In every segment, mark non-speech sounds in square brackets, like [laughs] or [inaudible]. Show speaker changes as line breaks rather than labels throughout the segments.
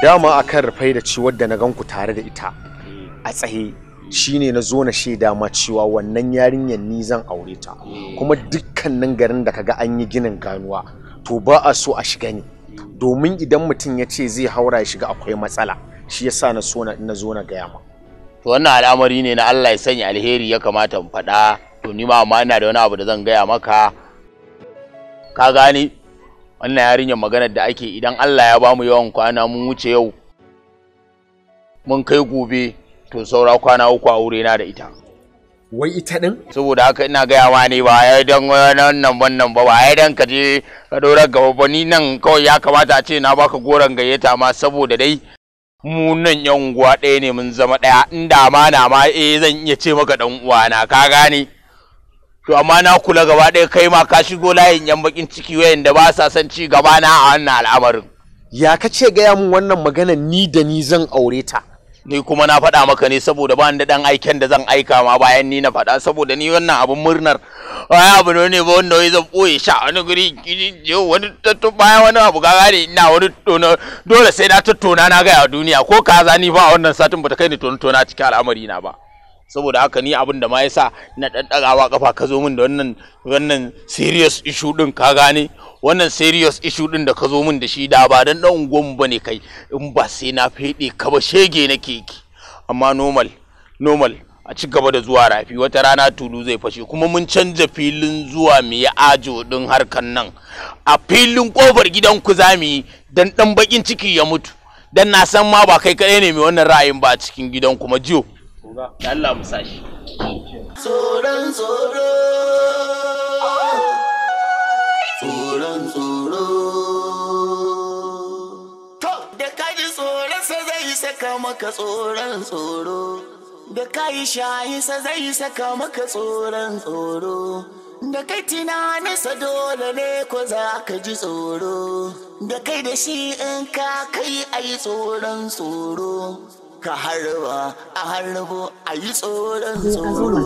dama a kan rufai da ci da na ganku tare da ita a tsaye shine na zo na shaida ma cewa wannan yarinyar ni zan aure ta kuma dukkanin garin da kaga an yi ginin ganuwa to ba a so a shiga ne domin idan mutum ya ce zai haura ya shiga akwai matsala
shi yasa na so na zo na gaya ma to wannan al'amari ne na Allah ya sanya alheri ya kamata mu faɗa to ni ma amma ina da wani abu da zan gaya maka ka gani wannan yarinyar maganar da ake idan Allah ya bamu yawan kwana mun wuce yau mun kai gobe to saura kwana uku a wure na da ita wai ita din saboda haka ina gaya ma ne ba ya dan wannan wannan ba ba ya dan ka je ka dora gaba ba ni nan kawai ya kamata a ce na baka goran gayyata ma saboda dai mu nan yan uwa ɗaya ne mun zama ɗaya inda ma na ma eh zan iya ce maka dan uwa na ka gane to amma na kula gaba ɗaya kai ma ka shigo layin yan bakin ciki wayanda ba sa san ci gaba na a wannan al'amarin ya ka ce gaya min wannan magana ni
da ni zan
aure ta ni kuma na faɗa maka ne saboda ba da ɗan aiken da zan aika ma bayan ni na faɗa saboda ni wannan abin murnar wani abu ne ba wanda wai zan ɓoye sha wani guri wani tattu bayan wani abu gaga ne ina wani tono dole sai na tattona na gaya duniya ko kaza ni ba wannan satin ba ta kai ni tono tona cikin al'amari na ba saboda haka ni abin da ma yasa na dan dagawa kafa ka zo min da wannan wannan serious issue din ka gane wannan serious issue din da ka zo min da shi da ba dan dan ungon bane kai in ba sai na fede ka ba shege na keke. amma normal normal a ci gaba da zuwa rafi wata rana tulu zai fashe kuma mun canza filin zuwa mu yi ajo din harkan nan a filin ƙofar gidan ku za mu yi dan ɗan baƙin ciki ya mutu dan na san ma ba kai kadai ne mai wannan ra'ayin ba cikin gidan kuma jiyo ba da Allah mu sa shi tsoron tsoro tsoron
tsoro to da ka ji tsoron sa zai saka maka tsoron tsoro da ka yi shayi sa zai saka maka tsoron tsoro da kai tunaninsa dole ne ko za ka ji tsoro da kai da shi in ka kai ayi tsoron tsoro ka harba a harbo a yi tsoron tsoro.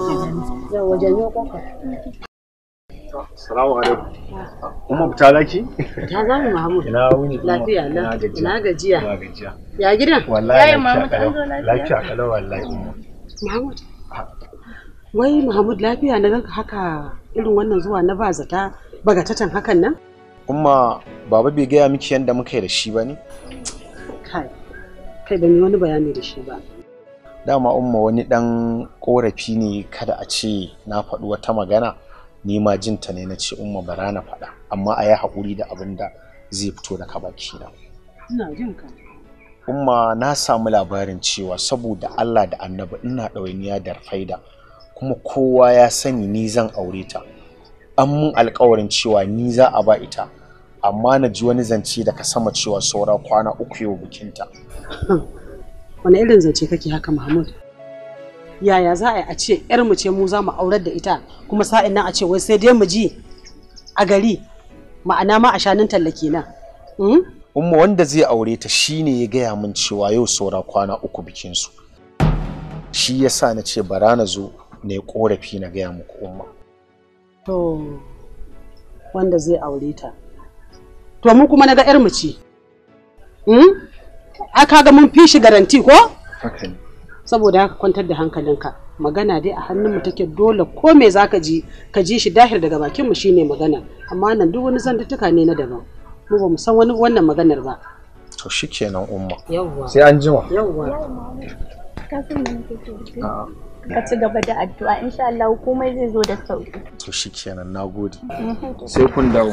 Yau wajen yau kwakwar. Salamu alaikum. Kuma ta laki? Ta zamu Mahmud. Ina wuni. Lafiya na. Ina gajiya. Ina gajiya.
Ya gida? Wallahi lafiya.
Lafiya kalau wallahi.
Mahmud. Wai Muhammad, lafiya na ganka haka irin wannan zuwa na ba zata bagatatan hakan nan?
Kuma baba bai gaya miki yadda muka yi da shi ba ne?
Kai. kai ban wani bayani da shi ba
dama umma wani dan korafi ne kada a ce na faɗi wata magana ni ma jin ta ne na ce umma bara na faɗa amma a yi haƙuri da abin da zai fito daga baki na ina jin ka umma na samu labarin cewa saboda Allah da annabi ina ɗawainiya da faida kuma kowa ya sani ni zan aure ta an mun alƙawarin cewa ni za a ba ita amma na ji wani zance daga sama cewa saura kwana uku yau bikinta. [laughs] Wani irin zance kake haka Muhammad?
Yaya za a a ce ‘yar mu ce mu za mu aurar da ita kuma sa'in nan a ce wai sai dai mu ji a gari ma'ana ma a shanun tallake na. Hmm?
Umma wanda zai aure ta shine ya gaya min cewa yau saura kwana uku bikin su Shi yasa na ce bara na zo ne korafi na gaya muku umma.
To wanda zai aure ta. to mu kuma na ga 'yar mu ce hmm? a kaga mun fi shi garanti ko saboda haka kwantar da hankalinka magana dai a hannun mu take dole ko me zaka ji ka ji shi dahir daga bakin mu shine magana amma nan duk wani zantuttuka ne na daban mu ba mu san wani wannan maganar ba
to shikenan umma sai an jima ka ci gaba da addu'a insha Allah komai zai zo da sauki to shikenan nagode sai kun dawo